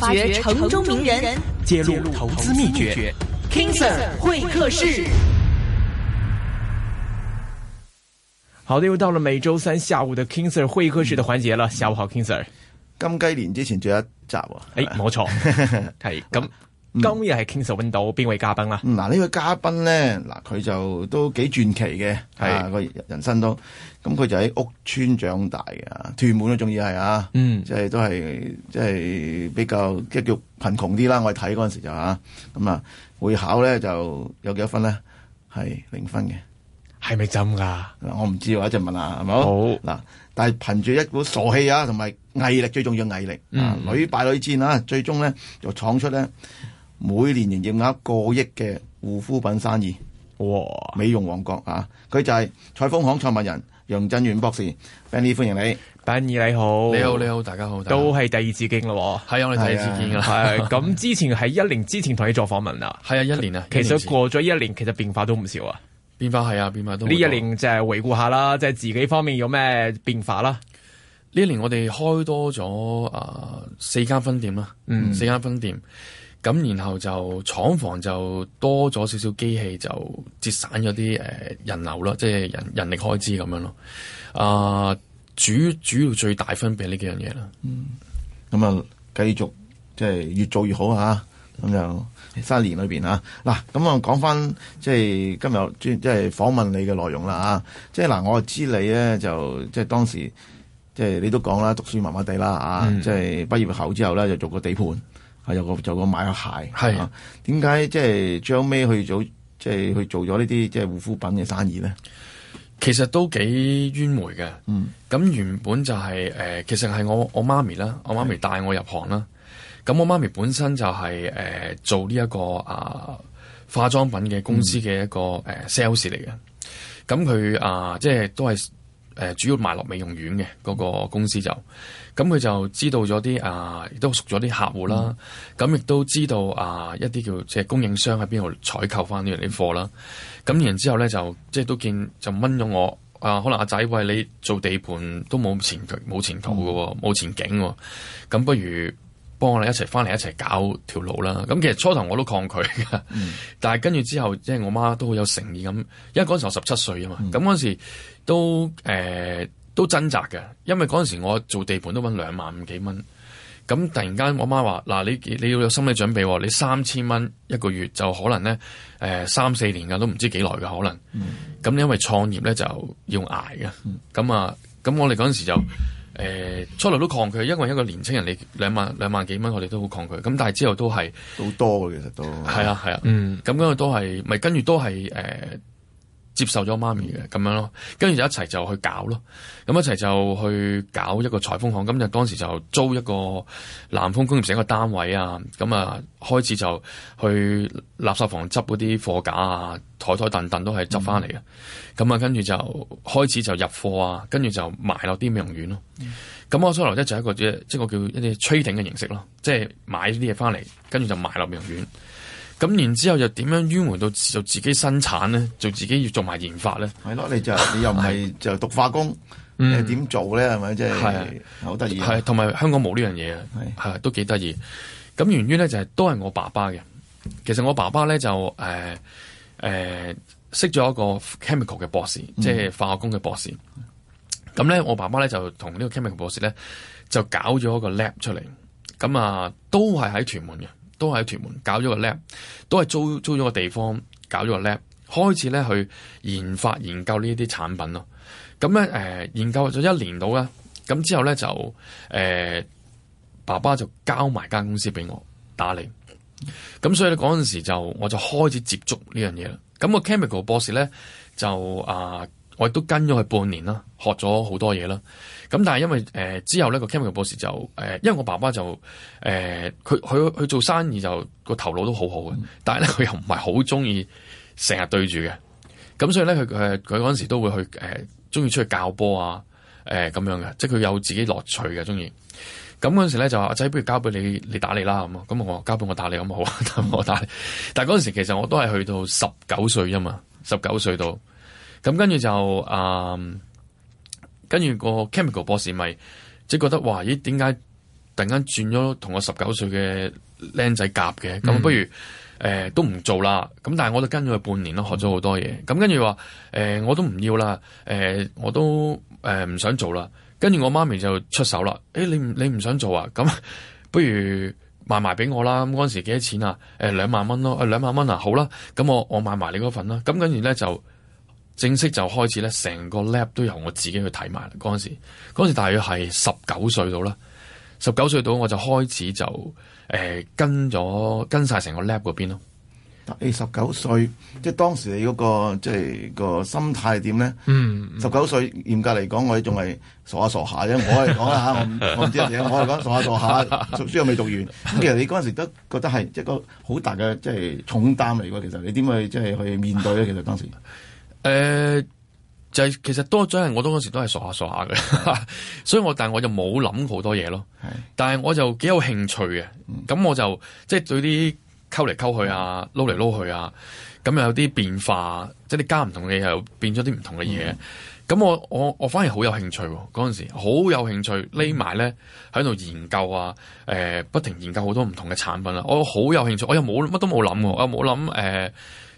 發掘城中名人，揭露投資秘訣。King Sir, King Sir 會客室，好的，又到了每周三下午的 King Sir 會客室的環節了。嗯、下午好，King Sir。金雞年之前最後一集，誒、欸，冇錯，係咁。嗯、今日係 King Sir 搵到邊位嘉賓啦？嗱、嗯，呢、啊、位嘉賓呢，嗱、啊、佢就都幾傳奇嘅，係個、啊、人生都。咁佢就喺屋村長大嘅，屯門都仲要係啊、嗯，即係都係即係比較即係叫貧窮啲啦。我哋睇嗰陣時就啊，咁、嗯、啊會考咧就有幾多分咧？係零分嘅，係咪真㗎？嗱、嗯，我唔知喎，一陣問啦，係咪好？好嗱、嗯，但係憑住一股傻氣啊，同埋毅力最重要，毅力啊，屢敗屢戰啊，最終咧就創出咧每年營業額過億嘅護膚品生意，哇！美容皇國、嗯嗯、人人啊，佢就係彩豐行創辦人。楊振源博士，Benny 歡迎你，Benny 你好，你好你好，大家好，家都係第二次見咯，係我哋第二次見啦，係咁之前喺一年之前同你做訪問啊，係啊 一年啊，其實過咗一年，一年其實變化都唔少啊，變化係啊變化都唔少，呢一年就係回顧下啦，即、就、係、是、自己方面有咩變化啦，呢一年我哋開多咗啊、呃、四間分店啦，嗯四間分店。咁然後就廠房就多咗少少機器，就節省咗啲誒人流啦，即係人人力開支咁樣咯。啊、呃，主主要最大分別呢幾樣嘢啦。嗯。咁啊，繼續即係越做越好嚇。咁、啊、就三年裏邊啊。嗱，咁啊講翻即係今日即係訪問你嘅內容、啊就是、啦嚇。即係嗱，我知你咧就即係、就是、當時即係、就是、你都講啦，讀書麻麻地啦啊。即係、嗯、畢業後之後咧，就做個地盤。啊！有個有個買個鞋，點解即係將尾去做即係、就是、去做咗呢啲即係護膚品嘅生意咧？其實都幾冤枉嘅。嗯，咁原本就係誒，其實係我我媽咪啦，我媽咪帶我入行啦。咁的我媽咪本身就係、是、誒、呃、做呢、這、一個啊、呃、化妝品嘅公司嘅一個誒 sales 嚟嘅。咁佢啊，即係都係。誒，主要賣落美容院嘅嗰、那個公司就，咁佢就知道咗啲啊，亦都熟咗啲客戶啦，咁亦、嗯、都知道啊一啲叫即係供應商喺邊度採購翻呢樣啲貨啦，咁然之後咧就即係都見就掹咗我啊，可能阿仔喂你做地盤都冇前途冇前途嘅，冇、嗯、前景，咁不如，幫我哋一齊返嚟一齊搞條路啦！咁其實初頭我都抗拒噶，嗯、但係跟住之後即係、就是、我媽都好有誠意咁，因為嗰陣時我十七歲啊嘛，咁嗰、嗯、時都誒、呃、都掙扎嘅，因為嗰陣時我做地盤都搵兩萬幾蚊，咁突然間我媽話：嗱、啊，你你要有心理準備喎，你三千蚊一個月就可能咧誒三四年噶，都唔知幾耐嘅可能。咁、嗯、因為創業咧就要捱嘅，咁啊，咁我哋嗰陣時就。嗯誒、呃、初嚟都抗拒，因為一個年青人你兩萬兩萬幾蚊，我哋都好抗拒。咁但係之後都係好多嘅，其實都係啊係啊，啊嗯，咁嗰個都係咪跟住都係誒？呃接受咗媽咪嘅咁樣咯，跟住就一齊就去搞咯，咁一齊就去搞一個彩豐行。咁就當時就租一個南豐工業城一個單位啊，咁啊開始就去垃圾房執嗰啲貨架啊、台台凳凳都係執翻嚟嘅，咁啊跟住就開始就入貨啊，跟住就埋落啲美容院咯。咁我所來即係一個即係即係我叫一啲 trading 嘅形式咯，即係買啲嘢翻嚟，跟住就埋落美容院。嗯。咁然之後又點樣迂回到做自己生產咧？做自己要做埋研發咧？係咯、啊，你就你又唔係就讀化工，你點、 嗯、做咧？咪即係係好得意。係同埋香港冇呢樣嘢嘅，係是、啊啊、都幾得意。咁源於咧就係、是、都係我爸爸嘅。其實我爸爸咧就誒誒識咗一個 chemical 嘅博士，即係化工嘅博士。咁咧 我爸爸咧就同呢個 chemical 博士咧就搞咗一個 lab 出嚟。咁啊，都係喺屯，屯門嘅。都係喺屯門搞咗個 lab，都係租租咗個地方搞咗個 lab，開始咧去研發研究呢啲產品咯。咁咧誒，研究咗一年到啦，咁之後咧就誒、呃，爸爸就交埋間公司俾我打理。咁所以咧嗰陣時就我就開始接觸呢樣嘢啦。咁、那個 chemical 博士咧就啊、呃，我亦都跟咗佢半年啦，學咗好多嘢啦。咁、嗯、但係因為誒、呃、之後呢個 chemical 博士就誒、呃，因為我爸爸就誒，佢佢佢做生意就個頭腦都好好嘅，嗯、但係咧佢又唔係好中意成日對住嘅，咁所以咧佢誒佢嗰陣時都會去誒，中、呃、意出去教波啊，誒、呃、咁樣嘅，即係佢有自己樂趣嘅，中意。咁嗰陣時咧就話，阿仔，不如交俾你，你打理啦，咁啊，咁我交俾我打理咁好啊，我打。但係嗰陣時其實我都係去到十九歲啫嘛，十九歲度，咁跟住就嗯。跟住個 chemical 博士咪即係覺得，哇！咦？點解突然間轉咗同我十九歲嘅靚仔夾嘅？咁、嗯、不如誒、呃、都唔做啦。咁但係我就跟咗佢半年咯，學咗好多嘢。咁跟住話誒我都唔要啦，誒、呃、我都誒唔、呃、想做啦。跟住我媽咪就出手啦。誒、欸、你唔你唔想做啊？咁不如賣埋俾我啦。咁嗰陣時幾多錢啊？誒、呃、兩萬蚊咯。誒、哎、兩萬蚊啊，好啦。咁我我買埋你嗰份啦。咁跟住咧就。正式就開始咧，成個 lab 都由我自己去睇埋啦。嗰陣時，嗰時大約係十九歲到啦，十九歲到我就開始就誒、呃、跟咗跟晒成個 lab 嗰邊咯。誒十九歲，即係當時你嗰、嗰個即係、嗰個心態點咧？十九、嗯嗯、歲嚴格嚟講，我仲係傻下傻下啫。我嚟講啦嚇，我唔我唔知乜嘢。我嚟講傻下傻下， 讀書又未讀完。咁其實你嗰陣時都覺得係一個好大嘅即係重擔嚟喎。其實你點去即係去面對咧？其實當時。誒、uh，，就係其實多咗係我當時都係傻下傻下嘅， 所以我但係我就冇諗好多嘢咯。的但係我就幾有興趣嘅。咁、嗯、我就即係、就是、對啲溝嚟溝去啊，撈嚟撈去啊，咁、又、有啲變化，即、就、係、是、你加唔同嘅嘢又變咗啲唔同嘅嘢。咁、嗯、我我我反而好有興趣，嗰陣時好有興趣匿埋咧喺度研究啊，誒、呃，不停研究好多唔同嘅產品啊，我好有興趣，我又冇乜都冇諗，我又冇諗誒，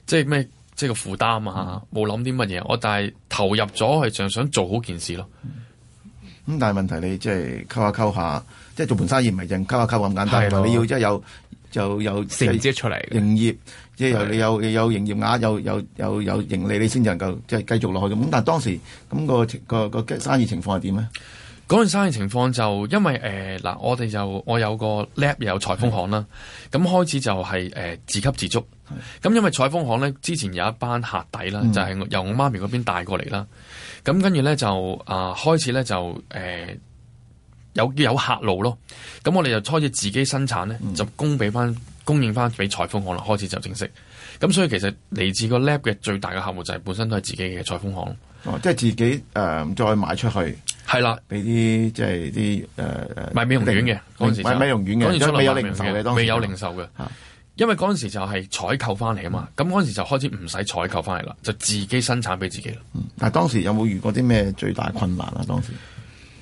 即係咩？即係個負擔啊！冇諗啲乜嘢，我但係投入咗係就想做好件事咯。咁、嗯、但係問題你即係溝下溝下，即係做盤生意唔係淨係溝下溝咁簡單，的你要即係有就有就有成績出嚟、營業，即係又你有有營業額，有有有有盈利，你先至能夠即係繼續落去嘅。咁但係當時咁、嗰個、嗰個、嗰個嗰個生意情況係點咧？嗰件生意情況就因為誒嗱、呃，我哋就我有個 lab 有彩豐行啦，咁的開始就係、是、誒、呃、自給自足，咁的因為彩豐行咧之前有一班客底啦，就係由我媽咪嗰邊帶過嚟啦，咁跟住咧就啊開始咧就誒、呃、有有客路咯，咁我哋就開始自己生產咧的就供俾翻供應翻俾彩豐行啦，開始就正式，咁所以其實嚟自個 lab 嘅最大嘅客戶就係本身都係自己嘅彩豐行。哦，即係自己誒、呃、再買出去，係啦的，俾啲即係啲誒誒賣美容院嘅，時就係、賣美容院嘅，當時有未有零售嘅？未有零售嘅，啊、因為嗰陣時就係採購翻嚟啊嘛，咁嗰陣時就開始唔使採購翻嚟啦，就自己生產俾自己啦、嗯。但係當時有冇遇過啲咩最大困難啊？當時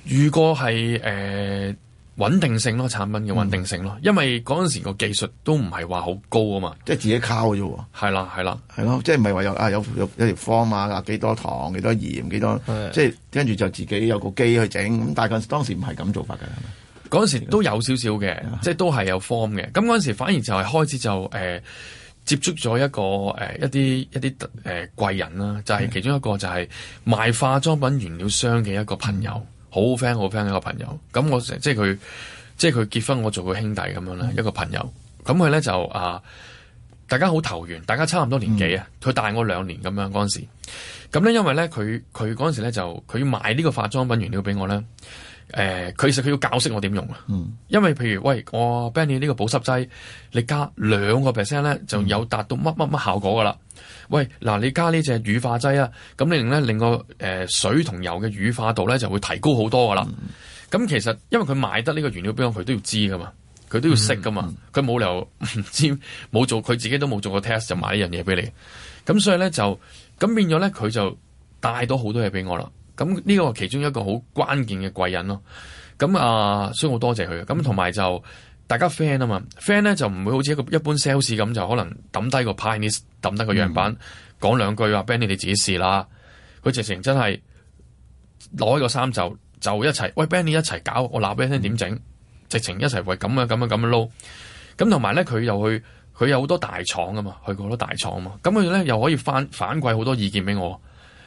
如果係誒。呃穩定性咯，產品嘅穩定性咯，因為嗰陣時個技術都唔係話好高啊嘛，即係自己靠啫喎。係啦，係啦，係咯，即係唔係話有啊有有有 form 啊？幾多糖、幾多鹽、幾多，的即係跟住就自己有個機去整咁。但係當時唔係咁做法嘅，係咪？嗰時都有少少嘅，即係的都係有 form 嘅、er。咁嗰陣時反而就係開始就誒、呃、接觸咗一個誒、呃、一啲一啲誒、呃、貴人啦，就係、是、其中一個就係賣化妝品原料商嘅一個朋友。好 friend 好 friend 嘅一個朋友，咁我即係佢，即係佢結婚我做佢兄弟咁樣咧，一個朋友，咁佢咧就啊、呃，大家好投緣，大家差唔多年紀啊，佢、嗯、大我兩年咁樣嗰陣時，咁咧因為咧佢佢嗰陣時咧就佢買呢個化妝品原料俾我咧，誒、呃，佢其實佢要教識我點用啊，嗯、因為譬如喂我畀你呢個保濕劑，你加兩個 percent 咧就有達到乜乜乜效果噶啦。喂，嗱你加呢隻乳化劑啊，咁令咧令個誒、呃、水同油嘅乳化度咧就會提高好多噶啦。咁、嗯、其實因為佢買得呢個原料俾我，佢都要知噶嘛，佢都要識噶嘛，佢冇、嗯嗯、理由唔知冇做，佢自己都冇做過 test 就買呢樣嘢俾你。咁所以咧就咁變咗咧，佢就帶咗好多嘢俾我啦。咁呢個係其中一個好關鍵嘅貴人咯。咁啊，所以好多謝佢嘅。咁同埋就。嗯大家 friend 啊嘛，friend 咧、嗯、就唔會好似一個一般 sales 咁，就可能抌低個 pineis，抌低個樣板，講兩、嗯、句話，Benny 你自己試啦。佢直情真係攞個衫袖，就一齊，喂 Benny 一齊搞，我話俾你聽點整，嗯、直情一齊喂。咁樣咁樣咁樣撈。咁同埋咧，佢又去，佢有好多大廠啊嘛，去過好多大廠啊嘛，咁佢咧又可以反反饋好多意見俾我。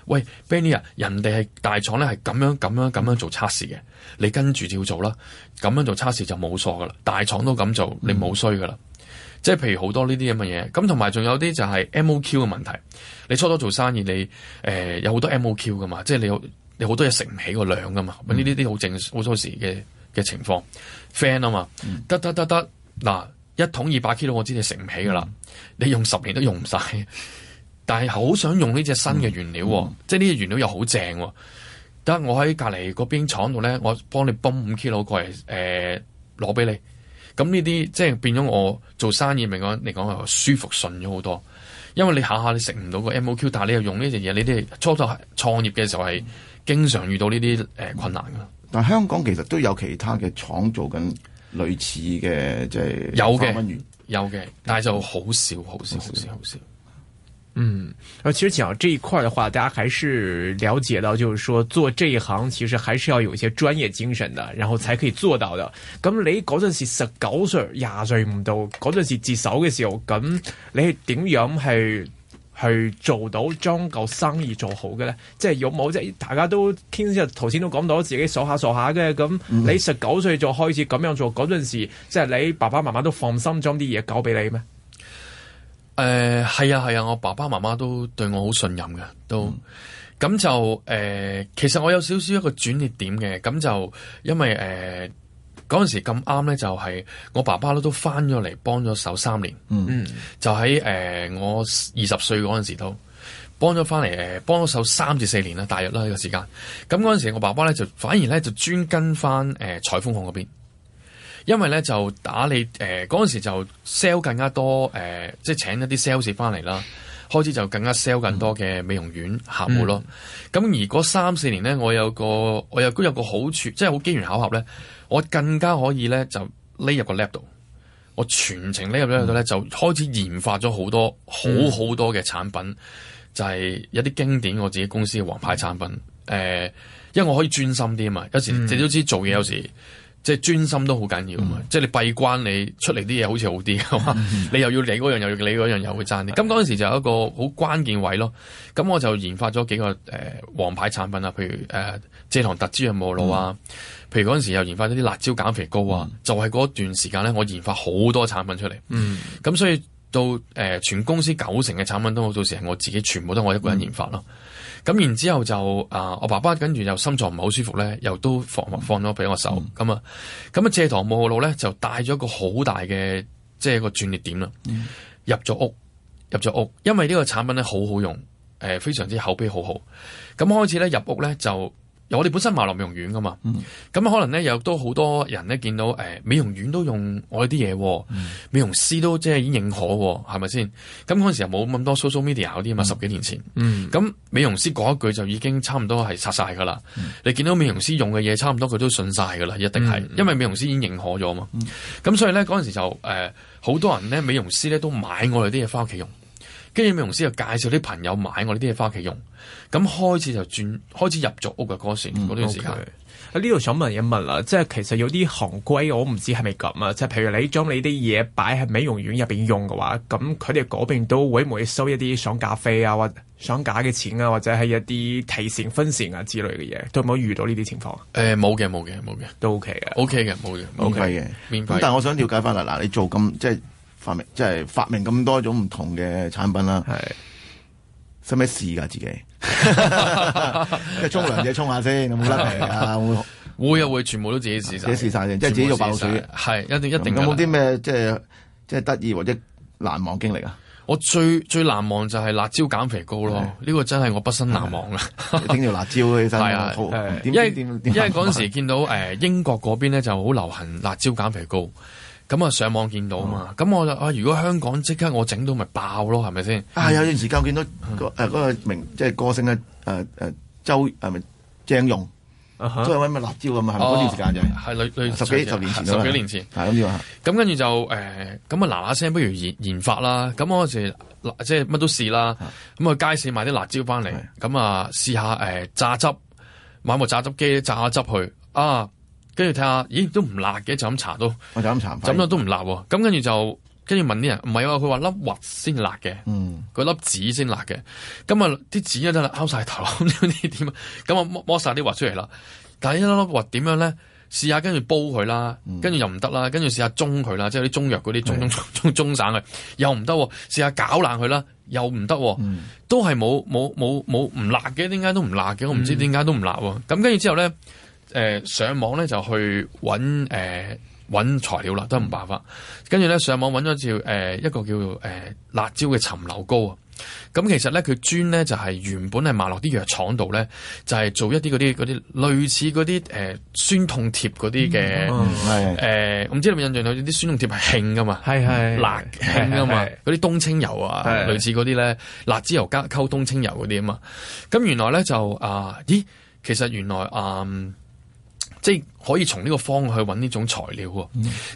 喂 Benny 啊，Benny，人哋係大廠咧，係咁樣咁樣咁樣做測試嘅，你跟住照做啦。咁樣做測試就冇錯噶啦，大廠都咁做，你冇衰噶啦。即係譬如好多呢啲咁嘅嘢，咁同埋仲有啲就係 MOQ 嘅問題。你初初做生意，你誒、呃、有好多 MOQ 噶嘛？即係你有你好多嘢食唔起個量噶嘛？呢啲啲好正好多時嘅嘅情況、嗯、，friend 啊嘛，得得得得，嗱一桶二百 kilogram 我知你食唔起噶啦，嗯、你用十年都用唔晒。但係好想用呢隻新嘅原料、哦，嗯嗯、即係呢隻原料又好正、哦。得我喺隔籬嗰邊廠度咧，我幫你泵五 kilo 過嚟，誒、呃，攞俾你。咁呢啲即係變咗我做生意嚟講嚟講又舒服順咗好多。因為你下下你食唔到個 MOQ，但係你又用呢隻嘢，你啲初初創業嘅時候係經常遇到呢啲誒困難噶。但係香港其實都有其他嘅廠做緊類似嘅，即係三蚊有嘅，有嘅，但係就好少，好少，好少，好少。好嗯，而其實講呢，一塊嘅話，大家還是了解到，就是說做呢一行其實還是要有一些專業精神的，然後才可以做到的。咁你嗰陣時十九歲廿歲唔到，嗰陣時接手嘅時候，咁你係點樣係去，去做到將舊生意做好嘅呢？即、就、係、是、有冇即係大家都聽頭先都講到自己傻下傻下嘅，咁你十九歲就開始咁樣做，嗰陣時即係、就是、你爸爸媽媽都放心將啲嘢交俾你咩？誒，係、呃、啊係啊，我爸爸媽媽都對我好信任嘅，都咁、嗯、就誒、呃，其實我有少少一個轉捩點嘅，咁就因為誒嗰陣時咁啱咧，就係我爸爸咧都翻咗嚟幫咗手三年，嗯，嗯，就喺誒、呃、我二十歲嗰陣時都幫咗翻嚟誒，幫咗手三至四年啦，大約啦呢個時間。咁嗰陣時我爸爸咧就反而咧就專跟翻誒、呃、彩豐行嗰邊。因為咧就打理誒嗰陣時就 sell 更加多誒、呃，即係請一啲 sales 翻嚟啦，開始就更加 sell 更多嘅美容院客戶咯。咁、嗯、而嗰三四年咧，我有個我又都有個好處，即係好機緣巧合咧，我更加可以咧就匿入個 lab 度，我全程匿入 lab 度咧就開始研發咗好多好好多嘅產品，嗯、就係一啲經典我自己公司嘅王牌產品。誒、呃，因為我可以專心啲啊嘛，有時你都知做嘢有時。嗯嗯即係專心都好緊要啊！嗯、即係你閉關你，你出嚟啲嘢好似好啲嘅嘛！嗯、 你又要你嗰樣，又要你嗰樣，又會爭啲。咁嗰陣時就有一個好關鍵位咯。咁我就研發咗幾個誒王、呃、牌產品啊，譬如誒蔗糖特資嘅冇腦啊，嗯、譬如嗰陣時又研發咗啲辣椒減肥膏啊。嗯、就係嗰段時間咧，我研發好多產品出嚟。嗯。咁、嗯、所以到誒、呃、全公司九成嘅產品都好，到時係我自己全部都我一個人研發咯。嗯。咁然之後就啊，我爸爸跟住又心臟唔係好舒服咧，又都放、嗯、放咗俾我手咁啊，咁啊、嗯、借糖無路咧就帶咗個好大嘅即係一個轉捩點啦、嗯，入咗屋，入咗屋，因為呢個產品咧好好用，誒、呃、非常之口碑好好，咁開始咧入屋咧就。又我哋本身買落美容院噶嘛，咁、嗯、可能咧有都好多人咧見到誒、呃、美容院都用我哋啲嘢，嗯、美容師都即係已經認可，係咪先？咁嗰陣時又冇咁多 social media 啲嘛，嗯、十幾年前，咁、嗯、美容師講一句就已經差唔多係殺晒噶啦。嗯、你見到美容師用嘅嘢，差唔多佢都信晒噶啦，一定係，嗯嗯、因為美容師已經認可咗嘛。咁、嗯、所以咧嗰陣時就誒好、呃、多人咧，美容師咧都買我哋啲嘢翻屋企用。跟住美容師就介紹啲朋友買我呢啲嘢翻屋企用，咁開始就轉開始入咗屋嘅嗰時嗰段時間。喺呢度想問一問啊，即係其實有啲行規，我唔知係咪咁啊。即係譬如你將你啲嘢擺喺美容院入邊用嘅話，咁佢哋嗰邊都會唔會收一啲上架費啊，或上架嘅錢啊，或者係一啲提成、分成啊之類嘅嘢，都冇遇到呢啲情況啊？冇嘅，冇嘅，冇嘅，都 OK 嘅，OK 嘅，冇嘅，OK 嘅。咁但係我想瞭解翻啦，嗱，你做咁即係。發明即係發明咁多種唔同嘅產品啦，係使咩試㗎自己？即係沖涼嘅沖下先咁啦，會啊會，全部都自己試曬，自己試曬嘅，即係自己做爆水係一定一定。有冇啲咩即係即係得意或者難忘經歷啊？我最最難忘就係辣椒減肥膏咯，呢個真係我畢生難忘啦！整條辣椒起身，係因為因為嗰陣時見到誒英國嗰邊咧就好流行辣椒減肥膏。咁啊，上網見到啊嘛，咁我就啊，如果香港即刻我整到咪爆咯，係咪先？啊，有段時間我見到個誒嗰個名，即係歌星啊，誒誒周係咪鄭融？都係揾咩辣椒咁啊？嗰段時間啫，係係，係十幾十年前十幾年前係咁樣。咁跟住就誒，咁啊嗱嗱聲，不如研研發啦。咁嗰陣時即係乜都試啦。咁啊，街市買啲辣椒翻嚟，咁啊試下誒榨汁，買部榨汁機榨下汁去啊。跟住睇下，咦都唔辣嘅，就咁搽都，我就咁搽，咁樣都唔辣。咁跟住就跟住問啲人，唔係啊，佢話粒核先辣嘅，嗰粒籽先辣嘅。咁啊，啲籽一真係拗曬頭，唔知點。咁啊，剝剝曬啲核出嚟啦。但係一粒粒核點樣咧？試下跟住煲佢啦，跟住又唔得啦。跟住試下中佢啦，即係啲中藥嗰啲中中中中散嘅，又唔得。試下攪爛佢啦，又唔得。都係冇冇冇冇唔辣嘅，點解都唔辣嘅？我唔知點解都唔辣。咁跟住之後咧。誒、啊 mm.，上網咧就去揾誒揾材料啦，都唔辦法。跟住咧上網揾咗條誒一個叫誒辣椒嘅沉流膏啊。咁其實咧佢專咧就係原本係賣落啲藥廠度咧，就係做一啲嗰啲嗰啲類似嗰啲誒酸痛貼嗰啲嘅誒，唔知你有冇印象有啲酸痛貼係興㗎嘛？係係辣興㗎嘛？嗰啲冬青油啊，類似嗰啲咧辣椒油加溝冬青油嗰啲啊嘛。咁、嗯、原，原來咧就啊，咦，其實原來啊。嗯即係可以從呢個方向去揾呢種材料喎。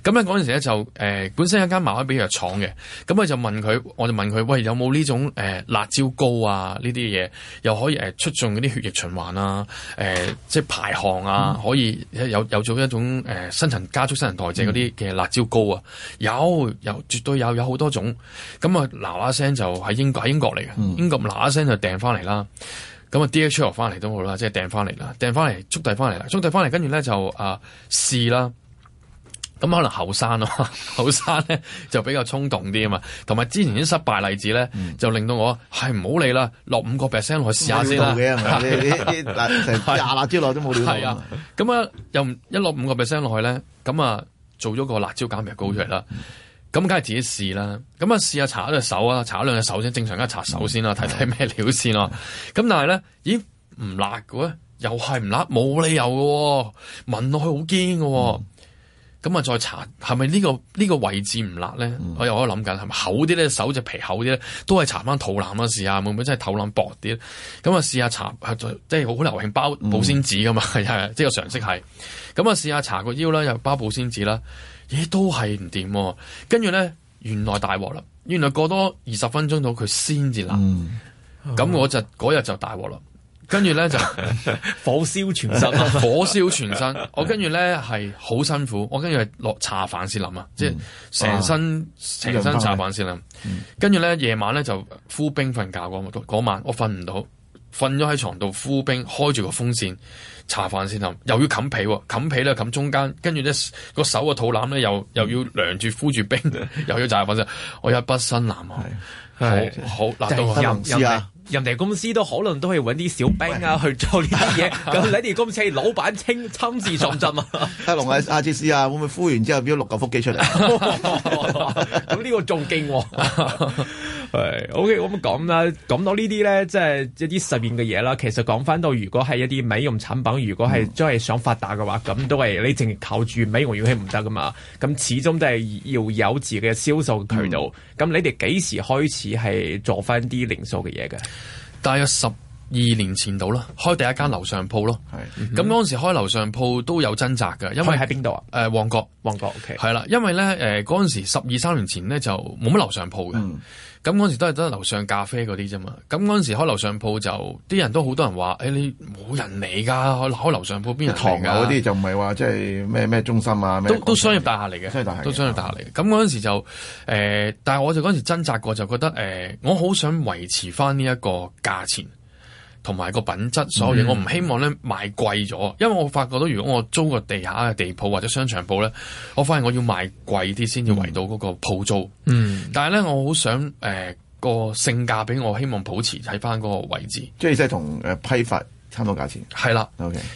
咁咧嗰陣時咧就誒、呃、本身一間麻輝比藥廠嘅，咁咧就問佢，我就問佢喂，有冇呢種誒、呃、辣椒膏啊？呢啲嘢又可以誒促進嗰啲血液循環啊？誒、呃、即係排汗啊，嗯、可以有有做一種誒、呃、新陳加速、新陳代謝嗰啲嘅辣椒膏啊？有，有絕對有，有好多種。咁啊嗱下聲就喺英喺英國嚟嘅，英國嗱下聲就訂翻嚟啦。嗯咁啊，DHL 翻嚟都好啦，即係訂翻嚟啦，訂翻嚟，速遞翻嚟啦，速遞翻嚟，跟住咧就啊試啦。咁、呃、可能後生咯，後生咧就比較衝動啲啊嘛。同埋之前啲失敗例子咧，嗯、就令到我係唔好理啦，落五個 percent 落去試下先啦。啲廿辣椒落都冇料到。係啊的，咁啊又唔一落五個 percent 落去咧，咁啊做咗個辣椒減肥膏出嚟啦。咁梗係自己試啦，咁啊試下搽一隻手啊，搽兩隻手，手先，正常梗係搽手先啦，睇睇咩料先啦。咁但係咧，咦唔辣嘅，又係唔辣，冇理由嘅、哦，聞落去好驚嘅。咁啊、嗯、再搽，係咪呢個呢、這個位置唔辣咧？嗯、我又可以諗緊，係咪厚啲咧？手隻皮厚啲咧，都係搽翻肚腩啊！試下會唔會真係肚腩薄啲咧？咁啊試下搽，即係好流行包、嗯、保鮮紙嘅嘛，係 係，即係個常識係。咁啊試下搽個腰啦，又包保鮮紙啦。嘢都係唔掂，跟住咧原來大鑊啦，原來過多二十分鐘到佢先至冷，咁、嗯、我就嗰日就大鑊啦，跟住咧就 火燒全身， 火燒全身， 我跟住咧係好辛苦，我跟住落茶飯先諗啊，即係成身成身茶飯先諗，跟住咧夜晚咧就敷冰瞓覺嗰晚，嗰晚我瞓唔到，瞓咗喺床度敷冰，開住個風扇。茶飯先又要冚被喎，冚被咧冚中間，跟住咧個手個肚腩咧又又要涼住敷住冰，又要炸飯先， 我有一筆辛難啊，係是好難是到我啊。人哋公司都可能都係搵啲小兵啊去做呢啲嘢，咁 你哋公司老闆親親自上陣啊？阿 龍啊，阿哲師啊，會唔會敷完之後變咗六嚿腹肌出嚟？咁、 哦 okay, 呢個仲勁喎。OK，咁講啦，講到呢啲咧，即係一啲實驗嘅嘢啦。其實講翻到，如果係一啲美容產品，如果係真係想發達嘅話，咁都係你淨係靠住美容院唔得噶嘛。咁始終都係要有自己嘅銷售渠道。咁 你哋幾時開始係做翻啲零售嘅嘢嘅？大約十。二年前度啦，開第一間樓上鋪咯。係咁，嗰陣時開樓上鋪都有掙扎嘅，因為喺邊度啊？誒、呃，旺角，旺角，OK。係啦，因為咧誒嗰陣時十二三年前咧就冇乜樓上鋪嘅。咁嗰陣時都係得樓上咖啡嗰啲啫嘛。咁嗰陣時開樓上鋪就啲人都好多人話：誒、欸、你冇人嚟㗎，開樓上鋪邊度？唐樓嗰啲就唔係話即係咩咩中心啊？都都商業大廈嚟嘅，商業大廈，都商業大廈嚟嘅。咁嗰陣時就誒、呃，但係我就嗰陣時掙扎過，就覺得誒、呃，我好想維持翻呢一個價錢。同埋個品質，所有嘢我唔希望咧賣貴咗，因為我發覺到如果我租個地下嘅地鋪或者商場鋪咧，我發現我要賣貴啲先至圍到嗰個鋪租。嗯，但係咧我好想誒、呃、個性價比，我希望保持喺返嗰個位置。即係即係同誒批發差唔多價錢，係啦。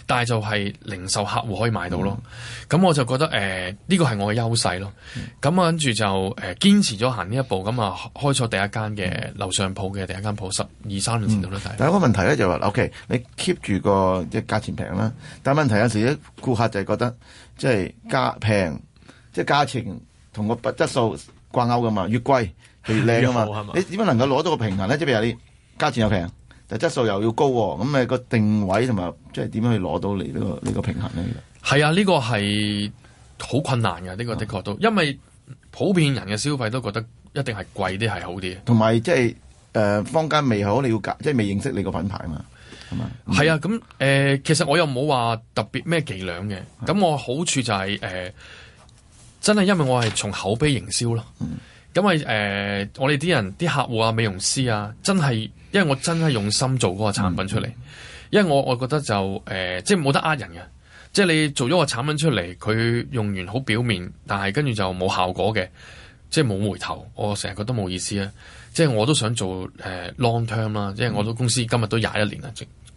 但係就係零售客戶可以買到咯。咁我就覺得誒呢個係我嘅優勢咯。咁我跟住就誒堅持咗行呢一步，咁啊開咗第一間嘅樓上鋪嘅第一間鋪，十二三年前到都睇。但係個問題咧就話，O K，你 keep 住個即係價錢平啦。但係問題有時啲顧客就係覺得即係價平，即係價錢同個質素掛鈎嘅嘛，越貴係越靚啊嘛。你點樣能夠攞到個平衡咧？即係譬如有啲價錢又平。但質素又要高喎。哦，咁、那、誒個定位同埋即係點樣去攞到你呢、這個呢個平衡呢？係啊，呢、這個係好困難嘅，呢、這個的確都，啊、因為普遍人嘅消費都覺得一定係貴啲係好啲。同埋即係誒坊間未好，你要即係未認識你個品牌啊嘛。係、嗯、啊，咁誒、呃、其實我又冇話特別咩伎倆嘅。咁是、啊、我好處就係、是、誒、呃、真係因為我係從口碑營銷咯。咁誒我哋啲人啲客戶啊、美容師啊，真係。因為我真係用心做嗰個產品出嚟，因為我我覺得就誒、呃，即係冇得呃人嘅，即係你做咗個產品出嚟，佢用完好表面，但係跟住就冇效果嘅，即係冇回頭，我成日覺得冇意思啊！即係我都想做誒、呃、long term 啦，即係我都公司今日都廿一年啦，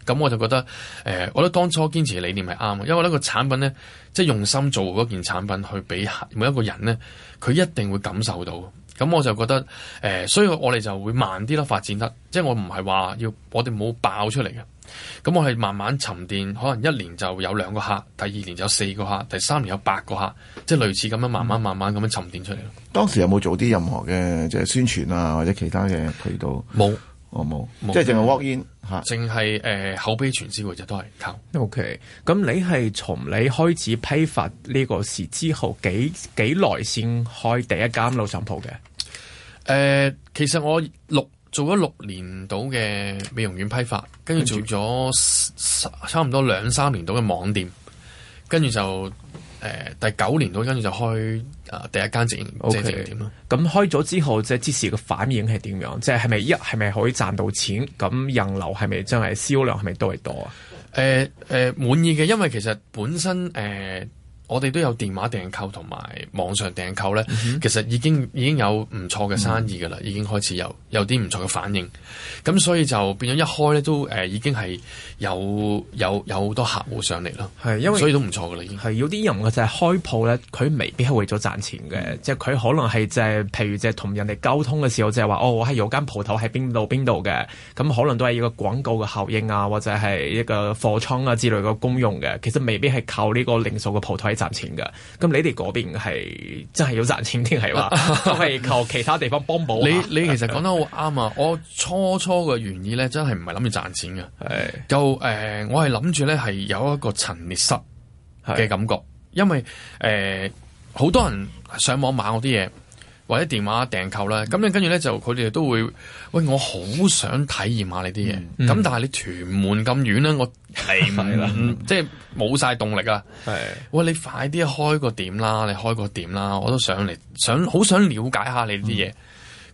咁我就覺得誒、呃，我覺得當初堅持嘅理念係啱，因為呢個產品咧，即係用心做嗰件產品去俾每一個人咧，佢一定會感受到。咁我就覺得，誒、呃，所以我哋就會慢啲咯發展得，即係我唔係話要，我哋冇爆出嚟嘅，咁我係慢慢沉澱，可能一年就有兩個客，第二年就有四個客，第三年有八個客，即係類似咁樣慢慢慢慢咁樣沉澱出嚟咯。當時有冇做啲任何嘅即係宣傳啊，或者其他嘅渠道？冇。我冇，即係淨係 walk in 吓是，淨係誒口碑傳銷，或者都係靠。OK，咁你係從你開始批發呢個事之後，幾幾耐先開第一間樓上舖嘅？誒、呃，其實我六做咗六年到嘅美容院批發，跟住做咗差唔多兩三年到嘅網店，跟住就誒、呃、第九年到，跟住就開。啊！第一間店 OK 點咯？咁、okay. 開咗之後，即係當時嘅反應係點樣？即係係咪一係咪可以賺到錢？咁人流係咪真係銷量係咪都係多啊？誒誒、欸欸，滿意嘅，因為其實本身誒。欸我哋都有電話訂購同埋網上訂購咧，嗯、哼其實已經已經有唔錯嘅生意噶啦，已經開始有有啲唔錯嘅反應。咁所以就變咗一開咧都誒、呃、已經係有有有好多客戶上嚟咯。係因為所以都唔錯噶啦，已經係有啲人嘅就係開鋪咧，佢未必係為咗賺錢嘅，嗯、即係佢可能係即係譬如就係同人哋溝通嘅時候就係話哦，我係有間鋪頭喺邊度邊度嘅，咁可能都係一個廣告嘅效應啊，或者係一個貨倉啊之類嘅功用嘅，其實未必係靠呢個零售嘅鋪頭。賺錢噶咁你哋嗰邊係真係要賺錢添，定係話都係靠其他地方幫補？ 你你其實講得好啱啊。 我初初嘅原意咧，真係唔係諗住賺錢噶，就誒、呃，我係諗住咧係有一個陳列室嘅感覺，是因為誒好、呃、多人上網買我啲嘢。或者電話訂購啦。咁咧跟住咧就佢哋都會喂，我好想體驗下你啲嘢咁，嗯、但係你屯門咁遠咧，我係咪啦？欸、的即係冇晒動力啊。的喂，你快啲開個點啦，你開個點啦，我都想嚟，嗯、想好想了解下你啲嘢。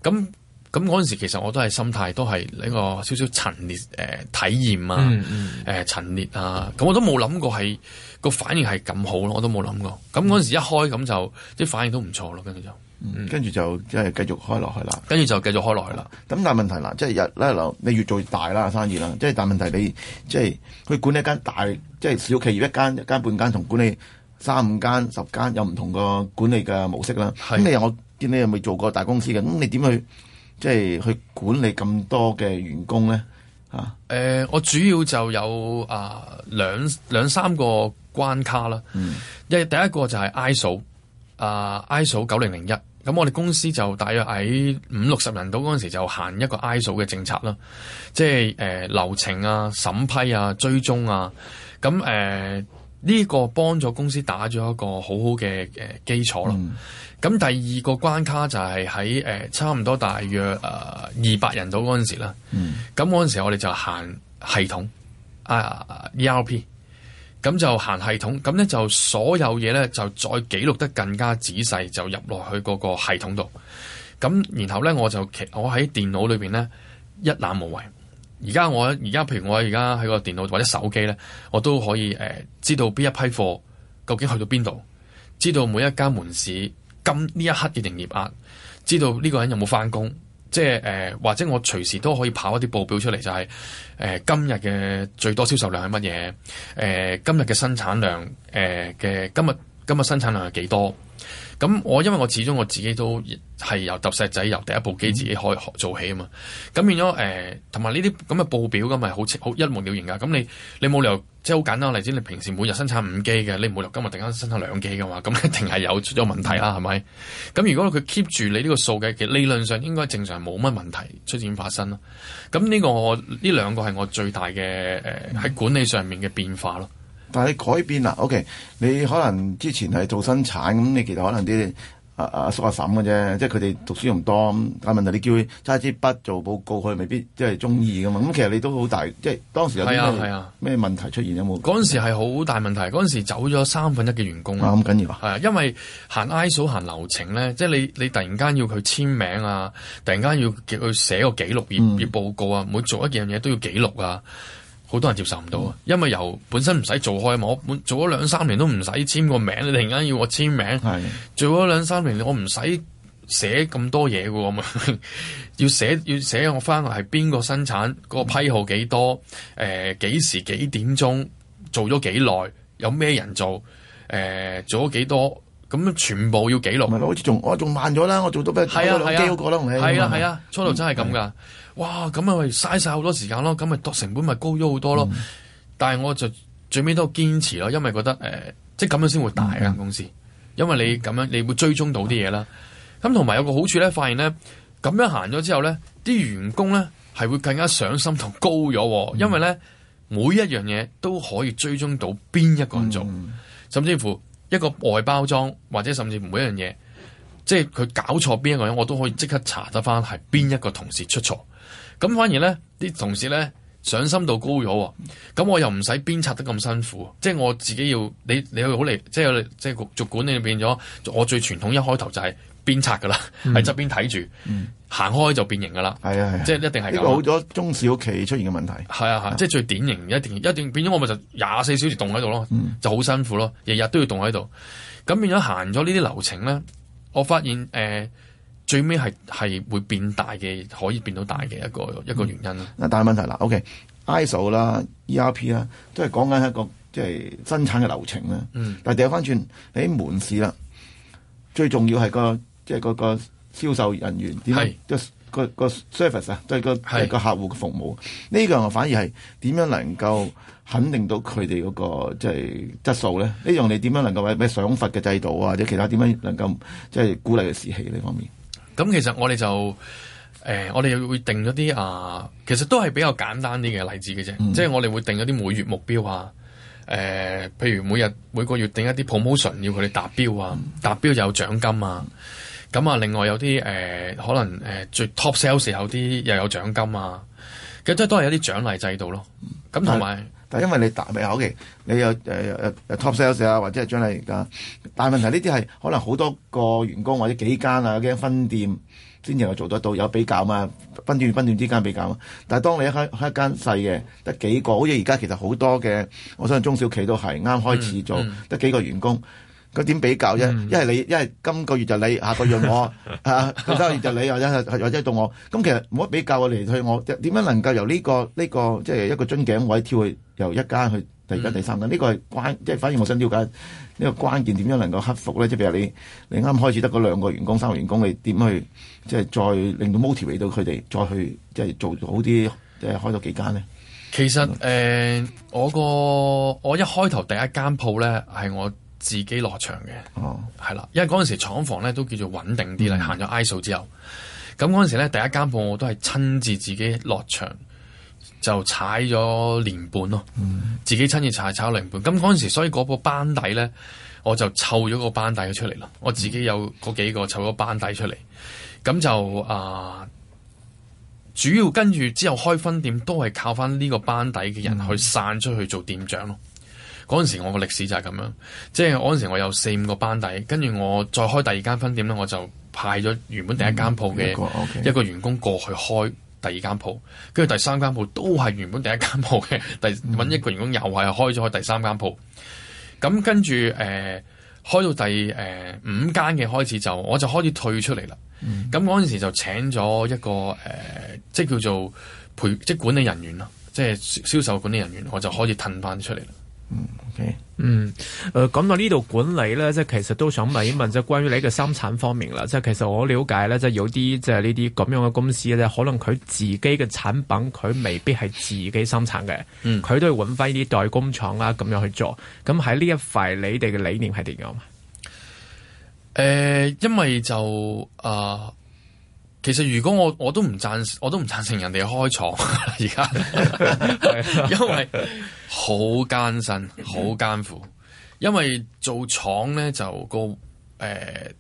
咁咁嗰陣時，其實我都係心態都係呢個少少陳列誒體驗、嗯呃呃、啊，誒陳列啊。咁我都冇諗過係個反應係咁好咯，我都冇諗過。咁嗰陣時一開咁就啲反應都唔錯咯，跟住就。嗯、跟住就即係繼續開落去啦。跟住就繼續開落去啦。咁但係問題啦，即係日咧，就你越做越大啦生意啦。即係但係問題你、嗯、即係佢管理一間大，即係小企業一間一間半間同管理三五間十間有唔同個管理嘅模式啦。咁、嗯、你我見你又未做過大公司嘅，咁你點去即係去管理咁多嘅員工咧？嚇、啊？誒、呃，我主要就有啊兩兩三個關卡啦。一第一個就係 ISO，啊 ISO 九零零一。咁我哋公司就大約喺五六十人度嗰陣時就行一個 ISO 嘅政策啦，即係誒流程啊、審批啊、追蹤啊，咁誒呢個幫助公司打咗一個好好嘅誒基礎啦。咁、嗯、第二個關卡就係喺誒差唔多大約誒二百人度嗰陣時啦。咁嗰陣時我哋就行系統啊 ERP。呃 ERP，咁就行系統，咁咧就所有嘢咧就再記錄得更加仔細，就入落去嗰個系統度。咁然後咧，我就我喺電腦裏邊咧一覽無遺。而家我而家譬如我而家喺個電腦或者手機咧，我都可以誒、呃、知道邊一批貨究竟去到邊度，知道每一間門市今呢一刻嘅營業額，知道呢個人有冇翻工。即係誒、呃，或者我隨時都可以跑一啲報表出嚟、就係，就係誒今日嘅最多銷售量係乜嘢？誒、呃、今日嘅生產量誒嘅、呃、今日今日生產量係幾多？咁我因為我始終我自己都係由揼石仔，由第一部機自己開、嗯、做起啊嘛。咁變咗誒，同埋呢啲咁嘅報表咁咪好清好一目了然噶。咁你你冇理由。即係好簡單，例子你平時每日生產五機嘅，你唔好話今日突然間生產兩機嘅話，咁一定係有出咗問題啦，係咪？咁如果佢 keep 住你呢個數嘅，其實理論上應該正常冇乜問題出現發生咯。咁呢個呢兩個係我最大嘅誒喺管理上面嘅變化咯。但係你改變啦，OK？你可能之前係做生產，咁你其實可能啲。阿阿、啊、叔阿嬸嘅啫，即係佢哋讀書唔多，但問題你叫佢揸支筆做報告，佢未必即係中意嘅嘛。咁其實你都好大，即係當時係啊，係啊，咩問題出現有冇？嗰陣時係好大問題，嗰陣時走咗三分一嘅員工啊！咁緊要啊！係啊，因為行 ISO 行流程咧，即係你你突然間要佢簽名啊，突然間要佢寫個記錄要要報告啊，嗯、每做一樣嘢都要記錄啊。好多人接受唔到啊，嗯、因為由本身唔使做開啊嘛，我本做咗兩三年都唔使簽個名，你突然間要我簽名，的做咗兩三年我唔使寫咁多嘢嘅嘛，要寫要寫我翻嚟，係邊個生產、個批號幾多，誒、呃、幾時幾點鐘做咗幾耐，有咩人做，誒、呃、做咗幾多。咁全部要記錄，咪好似仲我仲慢咗啦！我做到咩？係啊，係啊，係啊，初度真係咁噶。哇！咁啊，嘥晒好多時間咯，咁啊，成本咪高咗好多咯。但係我就最尾都堅持咯，因為覺得誒，即係咁樣先會大間公司，因為你咁樣你會追蹤到啲嘢啦。咁同埋有個好處咧，發現咧咁樣行咗之後咧，啲員工咧係會更加上心同高咗，因為咧每一樣嘢都可以追蹤到邊一個人做，甚至乎，一個外包裝或者甚至每一樣嘢，即係佢搞錯邊一個人，我都可以即刻查得翻係邊一個同事出錯。咁反而咧，啲同事咧上心度高咗，咁我又唔使鞭策得咁辛苦，即係我自己要你你去好嚟，即係即係做管理變咗，我最傳統一開頭就係、是。邊拆嘅啦，喺側、嗯、邊睇住，行、嗯、開就變形嘅啦。係啊，係、啊、即係一定係。因為好多中小企出現嘅問題。係啊，係、啊、即係最典型，一定一定變咗，我咪就廿四小時動喺度咯，嗯、就好辛苦咯，日日都要動喺度。咁變咗行咗呢啲流程咧，我發現誒、呃、最尾係係會變大嘅，可以變到大嘅一個、嗯、一個原因。但係問題啦，OK，ISO 啦、ERP 啦，都係講緊一個即係、就是、生產嘅流程咧。但係掉翻轉你門市啦，最重要係、那個。即係嗰個銷售人員點樣個個是個 service 啊，即係個個客戶嘅服務呢是個，反而係點樣能夠肯定到佢哋嗰個即係質素咧？呢樣你點樣能夠有咩想法嘅制度啊，或者其他點樣能夠即係鼓勵嘅士氣呢方面？咁、嗯、其實我哋就誒、呃，我哋會定咗啲啊，其實都係比較簡單啲嘅例子嘅啫。嗯、即係我哋會定咗啲每月目標啊，誒、呃，譬如每日每個月定一啲 promotion 要佢哋達標，達標啊，達標就有獎金啊。嗯嗯咁啊，另外有啲誒、呃，可能誒、呃、最 top sales 有啲又有獎金啊，咁即係都係有啲獎勵制度咯。咁同埋，但係因為你大，咪尤其你有誒誒 top sales 啊，或者係獎勵而家，但係問題呢啲係可能好多個員工或者幾間啊有幾間分店先至係做得到，有比較嘛，分店分店之間比較嘛。但係當你開開一間細嘅，得幾個，好似而家其實好多嘅，我相信中小企都係啱開始做，得、嗯嗯、幾個員工。佢點比較啫？因係、嗯、你，一係今個月就你，下個月我，嚇、 啊，下月就你，或者或者到我。咁其實冇乜比較啊，嚟去我，點樣能夠由呢、這個呢、這個即係、就是、一個樽頸位跳去由一間去第二間第三間？呢個係關，即係反而我想了解呢、這個關鍵點樣能夠克服咧？即係譬如你你啱開始得嗰兩個員工、三個員工，你點去即係、就是、再令到 motivate 到佢哋再去即係、就是、做好啲，即係開多幾間咧？其實誒、呃，我個我一開頭第一間鋪咧係我，自己落場嘅，係啦、oh.，因為嗰陣時廠房咧都叫做穩定啲啦，mm hmm. 行咗 I 數之後，咁嗰陣時咧第一間鋪我都係親自自己落場，就踩咗年半咯，mm hmm. 自己親自踩踩咗年半。咁嗰陣時，所以嗰個班底咧，我就湊咗個班底出嚟咯，我自己有嗰幾個湊咗班底出嚟，咁、mm hmm. 就啊、呃，主要跟住之後開分店都係靠翻呢個班底嘅人去散出去做店長咯。Mm hmm. 嗰陣時我個歷史就係咁樣，即係嗰陣時我有四五個班底，跟住我再開第二間分店咧，我就派咗原本第一間鋪嘅一個員工過去開第二間鋪，跟住第三間鋪都係原本第一間鋪嘅，第揾一個員工又係開咗第三間鋪。咁跟住誒，開到第誒、呃、五間嘅開始就我就開始退出嚟啦。咁嗰陣時就請咗一個誒、呃，即係叫做培即管理人員啦，即係銷售管理人員，我就開始褪翻出嚟啦。嗯，OK，嗯，誒、呃，咁到呢度管理咧，即係其實都想問一問，即係關於你嘅生產方面啦。即係其實我了解咧，即係有啲即係呢啲咁樣嘅公司咧，可能佢自己嘅產品佢未必係自己生產嘅，佢、嗯、都要揾翻啲代工廠啦咁樣去做。咁喺呢一塊你哋嘅理念係點樣？誒、呃，因為就誒。呃其實如果我我都唔贊我都唔贊成人哋開廠而家。 因為好艱辛，好艱苦，因為做廠咧就個誒、呃、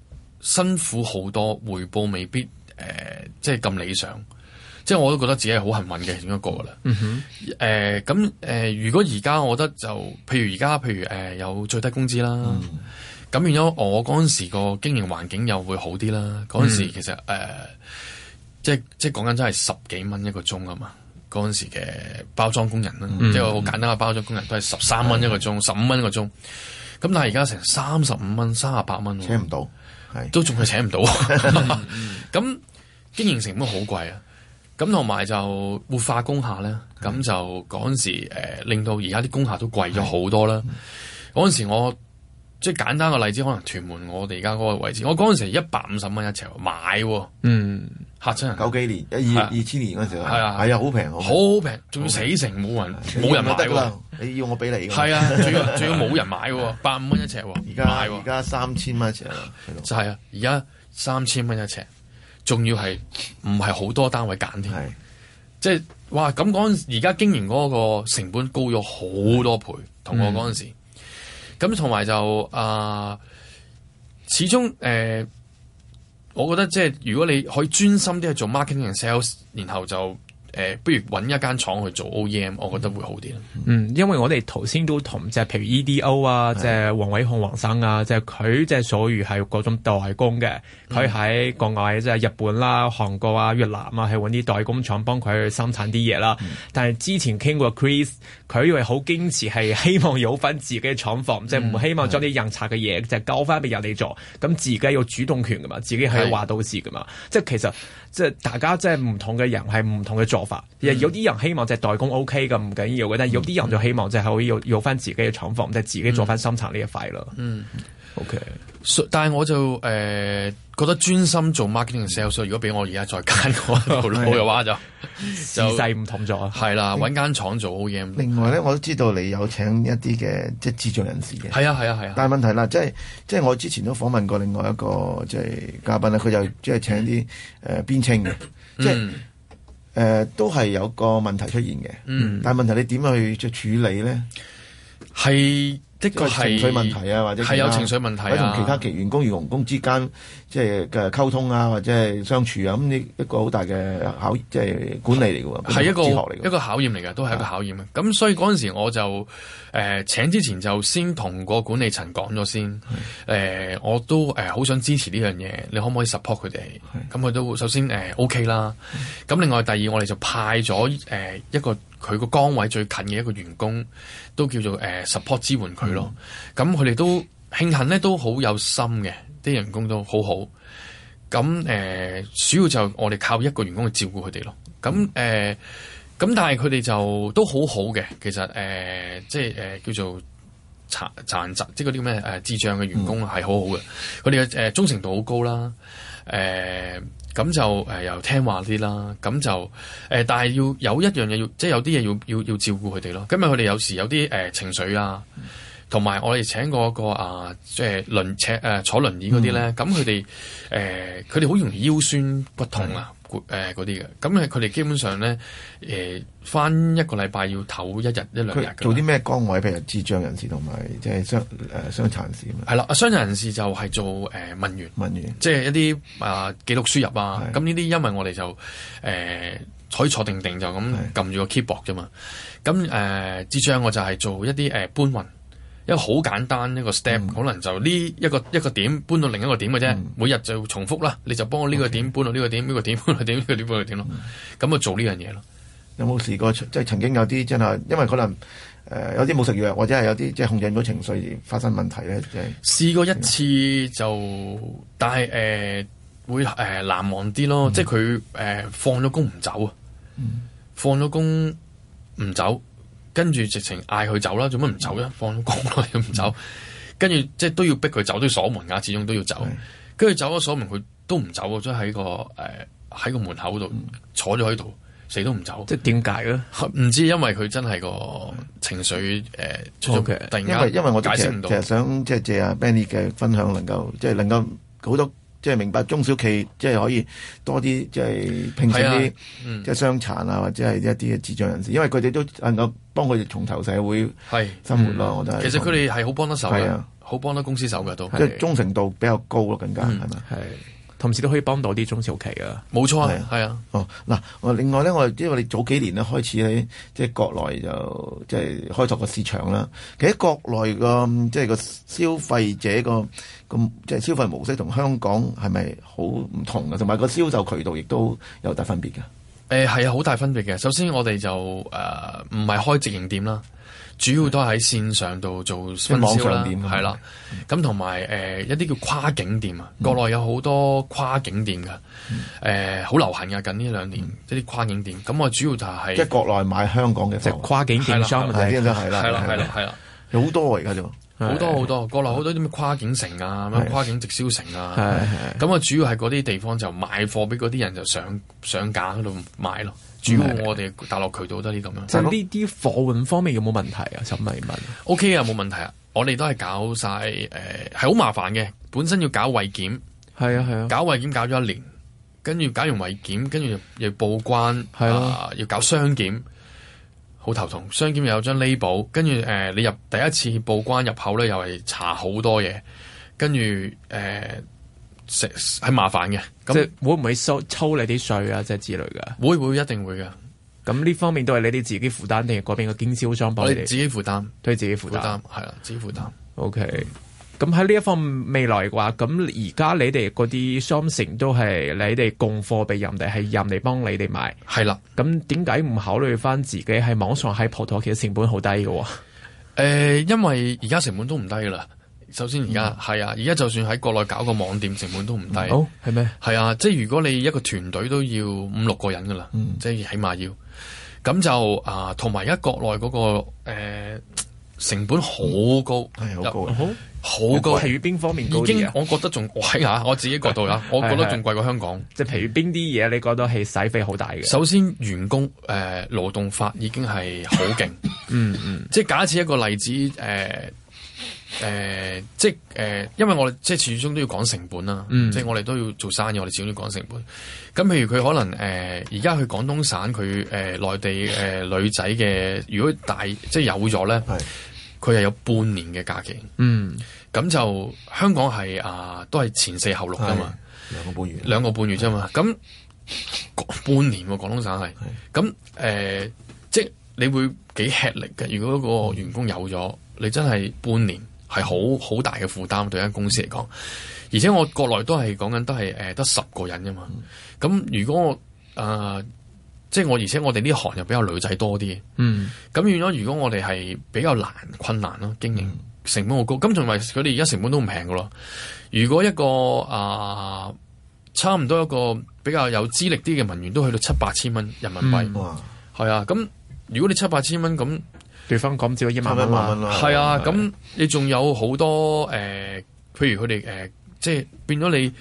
辛苦好多，回報未必誒、呃、即係咁理想，即係我都覺得自己係好幸運嘅其中一個啦。誒咁誒，如果而家我覺得就譬如而家譬如誒、呃、有最低工資啦，咁變咗我嗰陣時個經營環境又會好啲啦。嗰陣時其實誒。呃即係即係講緊真係十幾蚊一個鐘啊嘛，嗰陣時嘅包裝工人啦，嗯、即係好簡單嘅包裝工人，都係十三蚊一個鐘，十五蚊一個鐘。咁但係而家成三十五蚊、三十八蚊，請唔到，都仲係請唔到。咁 經營成本好貴啊，咁同埋就活化工廈咧，咁的就嗰陣時誒、呃、令到而家啲工廈都貴咗好多啦。嗰陣時我。最簡單嘅例子，可能屯門我哋而家嗰個位置，我嗰陣時一百五十蚊一尺買，嗯，嚇親，九幾年一二二千年嗰陣時，係啊係啊，好平好，好平，仲要死城冇人冇人買喎，你要我俾你，係啊，仲要冇人買喎，百五蚊一尺喎，而家而家三千蚊一尺，就係啊，而家三千蚊一尺，仲要係唔係好多單位揀添，即係哇咁講，而家經營嗰個成本高咗好多倍，同我嗰陣時。咁同埋就啊、呃，始終誒、呃，我覺得即、就、係、是、如果你可以專心啲去做 marketing and sales，然後就。誒，不如揾一間廠去做 OEM，我覺得會好啲。嗯，因為我哋頭先都同即係譬如 EDO 啊，即係黃偉漢黃生啊，即係佢即係屬於係嗰種代工嘅，佢喺國外即係日本啦、韓國啊、越南啊，係揾啲代工廠幫佢去生產啲嘢啦。嗯、但係之前傾過，Chris 佢以為好堅持係希望有返自己嘅廠房，即係唔希望將啲印刷嘅嘢就交翻俾人哋做，咁、嗯嗯、自己有主動權噶嘛，自己係話到事噶嘛。即係的其實即係大家即係唔同嘅人係唔同嘅座。嗯、有啲人希望就係代工 O K 噶唔緊要嘅，但係有啲人就希望就係可以有有翻自己嘅廠房，即係自己做翻生產呢一塊咯。嗯，O K。Okay 但係我就誒、呃、覺得專心做 marketing sales。如果俾我而家再揀嘅話，我又挖就勢唔 同咗。係啦，搵間廠做 OEM。另外咧，我都知道你有請一啲嘅即係資助人士嘅。係啊，係啊，係啊。但係問題啦，即係即係我之前都訪問過另外一個即係嘉賓啦，佢就即係請啲誒邊青嘅，即係。誒、呃、都係有個問題出現嘅，嗯、但係問題你點樣去做處理呢？係。的係情緒問題啊，或者係有情緒問題，啊，同其他其他員工與員工之間即係嘅溝通啊，或者係相處啊，咁呢一個好大嘅，考即係、就是、管理嚟嘅，係一個一個考驗嚟嘅，都係一個考驗啊，咁的所以嗰陣時我就誒、呃、請之前就先同個管理層講咗先，誒的、呃、我都誒好、呃、想支持呢樣嘢，你可唔可以 support 佢哋？咁佢的都首先誒、呃、OK 啦。咁另外第二，我哋就派咗誒、呃呃呃、一個。佢個崗位最近嘅一個員工，都叫做誒、呃、support 支援佢咯。咁佢哋都慶幸呢，都好有心嘅，啲員工都好好。咁誒、呃，主要就我哋靠一個員工去照顧佢哋咯。咁、呃、誒，咁但係佢哋就都好好嘅。其實誒、呃，即係誒、呃、叫做殘殘疾，即係嗰啲咩誒智障嘅員工係好好嘅。佢哋嘅誒忠誠度好高啦。誒，咁、呃、就誒又、呃、聽話啲啦，咁就誒、呃，但係要有一樣嘢要，即係有啲嘢要要要照顧佢哋咯。今日佢哋有時有啲誒、呃、情緒啊，同埋我哋請過個啊，即係輪車誒坐輪椅嗰啲咧，咁佢哋誒，佢哋好容易腰酸骨痛啊。嗯誒，嗰啲嘅，咁咧佢哋基本上咧，誒、呃，返一個禮拜要唞一日一兩日，做啲咩崗位？譬如智障人士同埋即係傷誒傷殘人士。係、呃、啦，啊傷殘人士就係做誒文員。文員，即係一啲啊記錄輸入啊。咁呢啲因為我哋就誒可以坐定定就咁撳住個 keyboard 啫嘛。咁誒的、呃、智障我就係做一啲誒、呃、搬運。一個好簡單一個 step，嗯、可能就呢一個一個點搬到另一個點嘅啫，嗯、每日就重複啦。你就幫我呢個點搬到呢個點，呢 Okay. 個點搬到呢個點，呢、呢個點搬到呢個點咯。咁啊、嗯、做呢樣嘢咯。有冇試過即係曾經有啲真係，因為可能誒、呃、有啲冇食藥，或者係有啲即係控制唔到情緒而發生問題咧？即試過一次就，但係誒、呃、會誒、呃、難忘啲咯。即係佢誒放咗工唔走啊，放咗工唔走。嗯跟住直情嗌佢走啦，做乜唔走咧？放工啦，都唔走。跟住即係都要逼佢走，都要鎖門啊！始終都要走。跟住走咗鎖門，佢都唔走，即係喺個誒喺個門口度坐咗喺度，死都唔走。即係點解咧？唔知因為佢真係個情緒誒出，突然間因為我解釋唔到。其實想即係借阿 Benny 嘅分享，能夠即係能夠好多。即係明白中小企，即係可以多啲，即係聘請啲即係傷殘啊，或者係一啲嘅智障人士，因為佢哋都能夠幫佢哋從頭社會生活咯。嗯、我覺、就、得、是、其實佢哋係好幫得手嘅，好幫、啊、得公司手嘅都，即係忠誠度比較高咯，更加係咪？吧同時都可以幫到啲中小企啊！冇錯啊，係啊。啊哦，嗱，另外咧，我因為我哋早幾年咧開始喺即係國內就即係、就是、開拓個市場啦。其實國內個即係個消費者個個即係消費模式同香港係咪好唔同嘅？同埋個銷售渠道亦都有大分別嘅。誒係、欸、啊，好大分別嘅。首先我哋就誒唔係開直營店啦。主要都喺線上度做分銷啦，係啦，咁同埋誒一啲叫跨境店啊，國內有好多跨境店嘅，誒好流行嘅，近呢兩年即啲跨境店。咁我主要就係即係國內買香港嘅，即係跨境電商嘅啲都係啦，係啦係啦係啦，好多而家就好多好多，國內好多啲咩跨境城啊，咩跨境直銷城啊，咁我主要係嗰啲地方就賣貨俾嗰啲人就上上架喺度買咯。主要我哋大陸渠道都係呢咁樣，就呢啲貨運方面有冇問題啊？就咪問，O K 啊，冇、okay, 問題啊。我哋都係搞晒，誒、呃，係好麻煩嘅。本身要搞衛檢，係啊係啊，啊搞衛檢搞咗一年，跟住搞完衛檢，跟住又要報關，係啊、呃，要搞雙檢，好頭痛。雙檢又有張 label，跟住誒，你入第一次報關入口咧，又係查好多嘢，跟住誒。食係麻煩嘅，即係會唔會收抽你啲稅啊？即係之類噶，會會一定會噶。咁呢方面都係你哋自己負擔定係嗰邊嘅經銷商幫你哋自己負擔，對自己負擔係啦，自己負擔。OK，咁喺呢一方面未來嘅話，咁而家你哋嗰啲商城都係你哋供貨俾人哋，係人哋幫你哋買。係啦的，咁點解唔考慮翻自己喺網上喺鋪頭？其實成本好低嘅喎。誒、呃，因為而家成本都唔低啦。首先而家係啊，而家就算喺國內搞個網店成本都唔低。好係咩？係啊，即係如果你一個團隊都要五六個人噶啦，mm. 即係起碼要。咁就啊，同埋而家國內嗰、嗰個誒、呃、成本好高，係好高，好高。係與邊方面高啲啊？我覺得仲貴啊！我自己角度啦， 我覺得仲貴過香港。即係譬如邊啲嘢你覺得係使費好大嘅？首先員工誒勞、呃、動法已經係好勁，嗯嗯。即係假設一個例子誒。呃誒、呃，即誒、呃，因為我哋即係始終都要講成本啦，嗯、即係我哋都要做生意，我哋始終要講成本。咁譬如佢可能誒，而、呃、家去廣東省佢誒內地誒、呃、女仔嘅，如果大即係有咗咧，佢係是有半年嘅假期。嗯，咁就香港係啊、呃，都係前四後六噶嘛，兩個半月，兩個半月啫嘛。咁是半年個、啊、廣東省係，咁誒是、呃，即係你會幾吃力嘅。如果個員工有咗，你真係半年。係好好大嘅負擔，對間公司嚟講，而且我國內都係講緊都係誒，得十個人啫嘛。咁如果我誒，即係我，而且我哋呢行又比較女仔多啲，嗯，咁變咗如果我哋係比較難困難咯，經營成本好高，咁仲咪，佢哋而家成本都唔平噶咯。如果一個啊，差唔多一個比較有資歷啲嘅文員都去到七八千蚊人民幣，係啊，咁如果你七八千蚊咁。對方講只話一萬蚊嘛，係啊，咁、啊啊、你仲有好多誒、呃，譬如佢哋誒，即係變咗你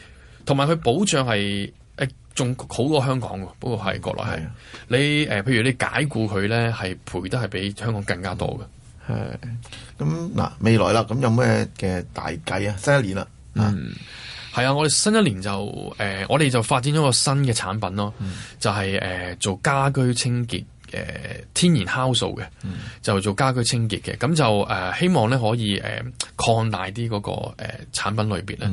同埋佢保障係誒仲好過香港噶，不過係國內係啊，你誒、呃、譬如你解僱佢咧，係賠得係比香港更加多嘅。係咁嗱，未來啦，咁有咩嘅大計啊？新一年啦，啊、嗯，係啊，我哋新一年就誒、呃，我哋就發展咗個新嘅產品咯，嗯、就係、是、誒做家居清潔。誒，天然酵素嘅，就做家居清潔嘅，咁就誒希望咧可以誒擴大啲嗰個誒產品類別咧，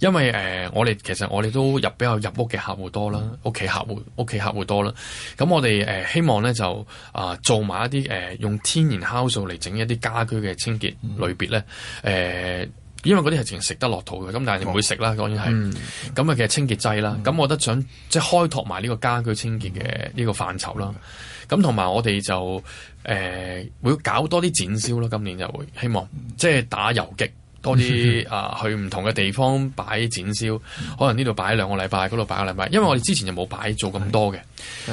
因為誒我哋其實我哋都入比較入屋嘅客戶多啦，屋企客戶屋企客戶多啦，咁我哋誒希望咧就啊做埋一啲誒用天然酵素嚟整一啲家居嘅清潔類別咧，誒因為嗰啲係淨食得落肚嘅，咁但係你唔會食啦，當然係，咁啊其實清潔劑啦，咁我覺得想即係開拓埋呢個家居清潔嘅呢個範疇啦。咁同埋我哋就誒、呃、會搞多啲展銷咯，今年就會希望即係打遊擊多啲啊、呃，去唔同嘅地方擺展銷。 可能呢度擺兩個禮拜，嗰度擺個禮拜，因為我哋之前就冇擺做咁多嘅。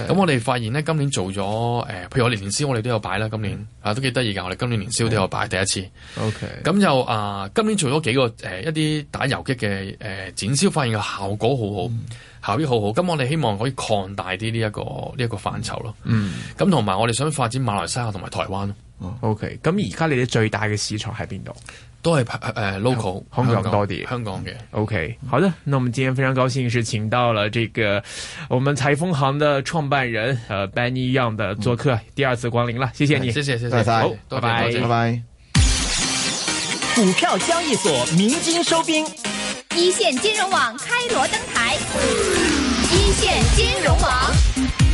咁我哋發現咧，今年做咗誒、呃，譬如我哋年宵，我哋都有擺啦。今年、嗯、啊，都幾得意㗎，我哋今年年宵都有擺、嗯、第一次。OK，咁又啊，今年做咗幾個誒、呃、一啲打遊擊嘅誒、呃、展銷，發現個效果好好。嗯嗯效益好好，咁我哋希望可以擴大啲呢一個呢一個範疇咯。嗯，咁同埋我哋想發展馬來西亞同埋台灣咯。OK，咁而家你哋最大嘅市場喺邊度？都係誒 local，香港多啲，香港嘅。OK，好的，那我們今天非常高興是請到了這個我們彩豐行的創辦人，呃 Benny Young 的做客，第二次光臨了，謝謝你，謝謝謝謝，好，拜拜拜拜。股票交易所明金收兵。一線金融網開鑼登台， 一線金融網。